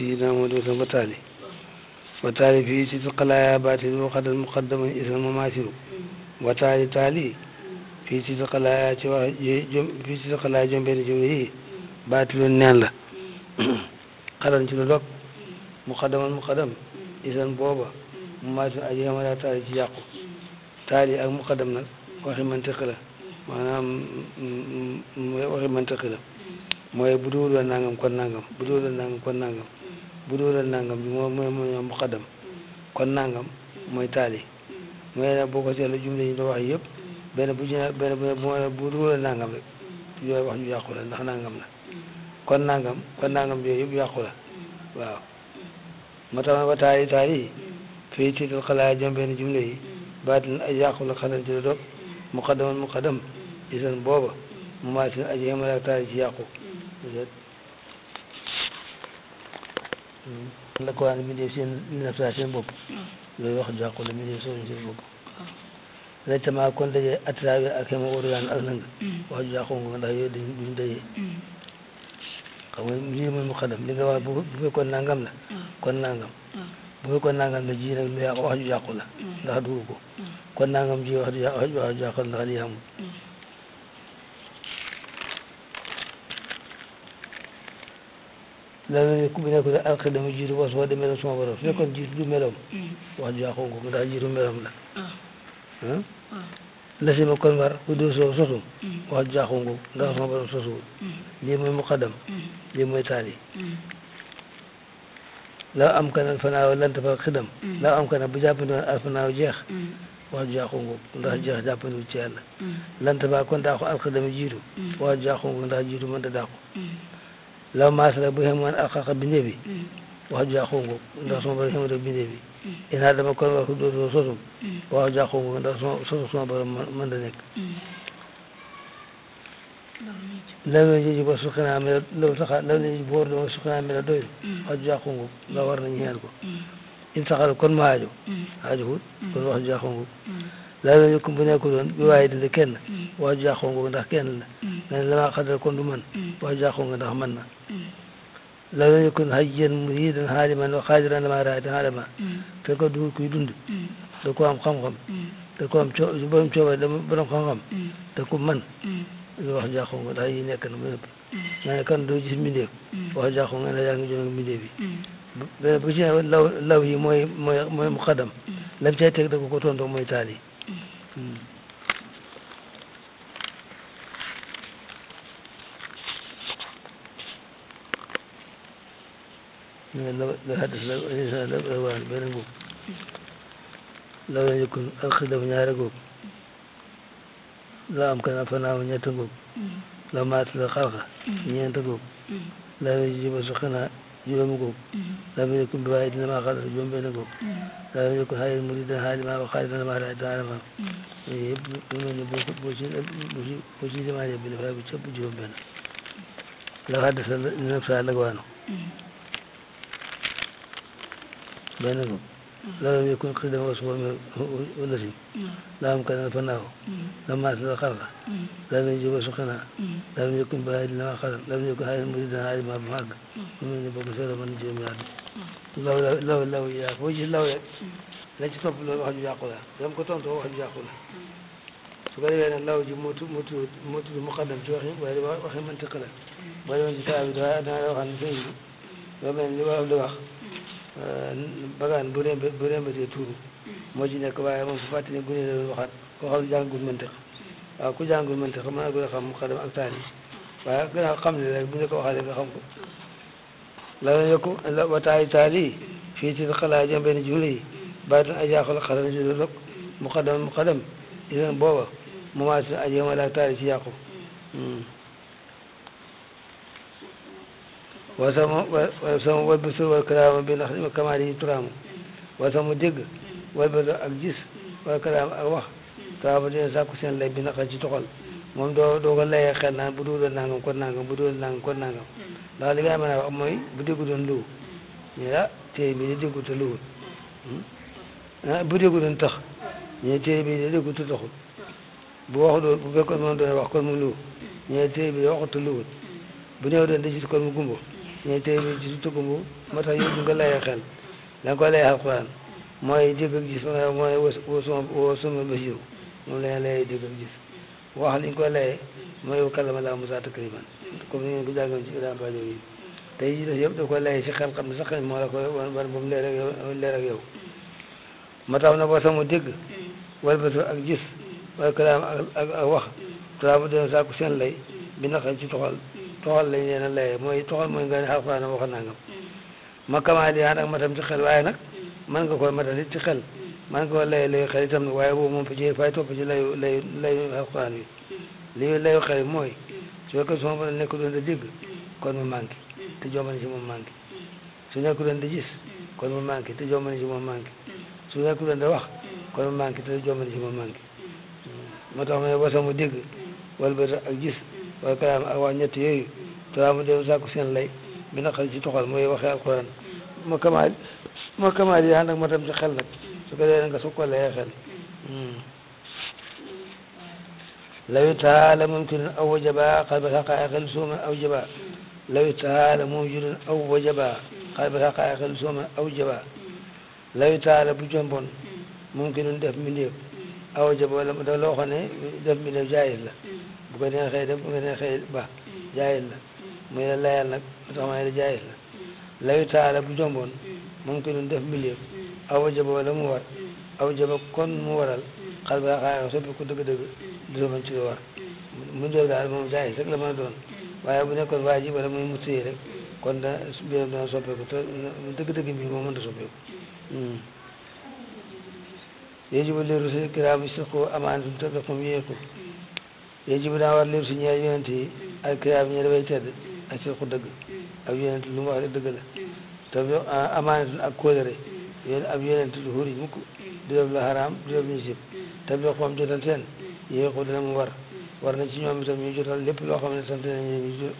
sayyidina Muhammadin sallallahu wa taali wa taali fii si xalaaya baatin wa xadan muqaddama isal mamaasiru wa taali taali fii ci wax fii si xalaaya jombenn neen la xadan ci lu dog muqaddaman isan booba mamaasiru aji xamalaa taali ci yàqu taali ak muqaddam nag waxi mantiq la maanaam waxi mantiq la mooy bu duwul woon nangam kon nangam bu duwul woon nangam kon nangam bu dóoral nangam bi moom mooy mooy muqaddam kon nangam mooy taali mooy nag boo ko seetlu bu ci benn bu dóoral nangam wax ñu yàqu la ndax nangam la kon nangam kon nangam yooyu yëpp la waaw ma tax ba taali taali fii tiital xalaaya jëm benn jumle yi baatin ay yàqu la xalan ci la dog muqaddaman muqaddam isan booba mu maa sin aji xemale ak taali ci yàqu Mm. la ko waan bindee seen nafsa seen bopp loolu wax du xaqu la bindee soo seen bopp directement mm. kon daje à travers ak xema waruwaan ak nang mm. wax ju xaqu nga ndax yooyu dañ duñ dajee xam nga lii mooy muqaddam li nga wax bu fekkoon nangam la kon nangam bu fekkoon nangam la ji nag lu yàqu wax ju yàqu ndax dugg ko kon nangam ji wax ju yàqu ndax lii amul lala ku bi nekk ne alxidama was wa de melo sama borom su fekkoon jiitu du meloom mm-hmm. wax ji waxoo ko ndax jiitu meloom la lasima ah. ah. kon war bu dee soo sosu mm-hmm. wax ji waxoo ko ndax sama borom sosuwul mm-hmm. taali laa am kanal fanaaw lant fa xidam laa am kanal bu jàppandoon alfanaaw jeex wax ji waxoo ko ndax jeex jàppandiwul ci yàlla lant fa ko alxidama jiitu wax ji waxoo ko ndax jiitu mënta daa ko law maasala bu xemoon alxaqa binde bi mm. wax a xungu ndax suma borom xemoon binde bi mm. inaa dama kon wax dootoo sosu mm. wax jaa xungu ndax suma sosu suma borom mën da nekk law mela doy wax jaa xungu ndax war nañu xeel ko in saxal kon ma aajo aajo wut kon wax jaa xungu laa doon yokkum bu nekkul woon bi waaye dina kenn mm. Mm. waa ju nga ndax kenn la ma mm. lama xadar kon man waa ju ndax man na laa doon yokkum hajjan muridan haaliman wa xaadiran lama da ko am xam-xam da ko am coo borom nekk na ba nëpp ma ne kan doo gis mbindeef wax jàqoo nga ndax yaa ngi jëm yi bu ci law law mooy mooy mooy muqaddam lam cay teg da ko ko tontoo mooy taal من الحدث الإنسان الأول beneen boobu law la yëkkun alxidaf ñaare googu la am kana fanaaw ñett googu la maat la xalqa ñeent googu la jiba la mu bi waaye dina maa xalal juróom benn la mu yëkkun mu dida xaali maa xaali dana maa laaj ma yëpp mu mel ni boo boo ci boo ci demaatee bi dafay bu cëpp juróom benn بينكم لو لم يكن قصدا وصفا والتي لا أمكن فناه لما أسلم قرر لم يجب سخنا لم يكن بعيد لما قرر لم يكن هذا مريدا عالما بحق ومن يبقى سيرا من يجب مراد لو لو لو إياك وجه الله ياك la ci topp loolu wax ju yàqu la dama ko tontoo wax ju yàqu la mm. su ko defee nag law ji moo tudd moo tudd moo tudd muqaddam ci waxi waaye waxi mantiq la mm. boo demoon ci saa bi da danaa la waxal ne sëñ bi loo mm. mel ni li wolof di wax bagaan bu rembe bu rembatee tuuru moo ci nekk waaye moom su fàtte ne gune la doon waxaat koo xam ne jàngul mëntëx ku jàngul mëntëx mën na gën a xam mu xadam ak taani waaye gannaaw xam ne bu ko waxaatee nga xam ko la la yokku la wataayu taali fii ci xalaa jëm benn juule yi bàyyi doon ajaaxul xaram si doon rek mu xadam mu xadam isan booba mu maa si ma laak taali ci yàqu hmm. wasamu wasamu wal basir wal kalaam bi lax kamaa di turaamu wasamu dégg wal basir ak gis wal kalaam ak wax turaamu dina sàkku seen lay bi naqal ci toxal moom doo doo ko layee naan bu duudoon nangam kon nangam bu duudoon nangam kon nangam ndax li nga xam ne wax mooy bu déggu doon luwu ñu ah téere bi da déggu te luwul hmm? ah, bu déggu doon tax ñu téere bi da déggu te taxul bu waxu doon bu fekkoon moom doon wax kon mu luwu ñu téere bi da waxut te luwul bu néew doon da gis kon mu gumbo ñooy te ji su tukkumbu moo tax yooyu nga layee xel da nga koy layee alquran mooy dégg ak gis mooy woo suma la layee dégg ak gis wax liñ Musaa takliiman comme ni ku ko jàngoon ci ilam rajo yi tey yi yëpp da ko layee si xel xam sax moo la koy wan ba mu leer ak yow leer ak na ma sa na boo sama dégg wala basiru ak gis wala kalaam ak ak wax tolaa bu doon saaku seen lay bi naqal ci toxal toxal lañ leen a layee mooy toxal mooy nga ne alxuraan wax nangam mm. ma kamaal yi ànd ak matam ci xel waaye nag man mm. nga koy matal it ci xel man mm. ko koy laye layu xel itam nag waaye boobu moom fa ci fay topp ci layu layu layu alxuraan bi li mooy su fekkee su ma mën a nekk doon di dégg kon mu manqué te jombane ci moom manqué su nekk doon di gis kon mu manqué te jombane ci moom manqué su nekk doon di wax kon mu manqué te jombane ma ne wasamu dégg wala ba ak waaye kalaam ak waa ñett yooyu tawaamu delu seen lay bi na xel ci toxal mooy waxee alquran ma kamaal ma kamaal yi ànd ak matam ci xel nag su ko dee nga su ko layee xel hmm. law taala mumkinin aw wajaba qalbal xaqaa'iqil suuman aw jaba law taala aw jaba law taala bu jombon mumkinin def mi aw jaba wala dafa loo xam def mi néew la bu ko neexee dem bu ko neexee ba jaayil la mm. muy la layal nag lu tax ma ne jaayil la mm. layu taala bu jomboon moom ko doon def milieu mm. aw jaba mu war aw jaba kon mu waral xal ba xaaya soppi ko dëgg-dëgg du doon ci lu war mu jël daal moom jaayil rek la mën a doon waaye bu nekkoon waa ji mu téye rek kon da biiram dana soppeeku te dëgg yajibu daa war liir si ñi ay yonent yi ak kiraam ñi dafay tedd ak sequ dëgg ab yonent lu mu wax dëgg la te ah, amaanatul ak kóolëre yéen ab yonent lu xuri mukk du def la xaraam du def ñu sib te bi xoom jotal seen ko dina mu war war na ci ñoom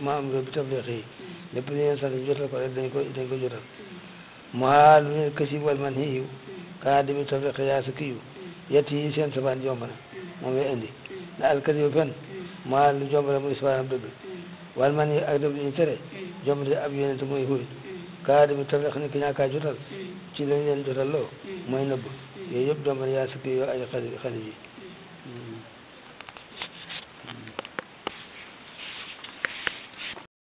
ma am réew bi tabliq yi lépp lu leen sant ñu jotal ko rek dañ ko dañ ko jotal maa lu ne kasi wal man hiyu kaa dimi tabliq yaa sa kiyu yett yi seen sabaan jomb na moom lay indi na alkadibu fen maa lu jombale muy sibaanam dëgg wal man yi ak dëgg yi ñu tere jombale ab yonente muy xuy kaa demi tafex ni ki ñaakaa jotal ci lañ leen jotal loo mooy nëbb yooyu yëpp jombale yaa sikki yoo ay xali yi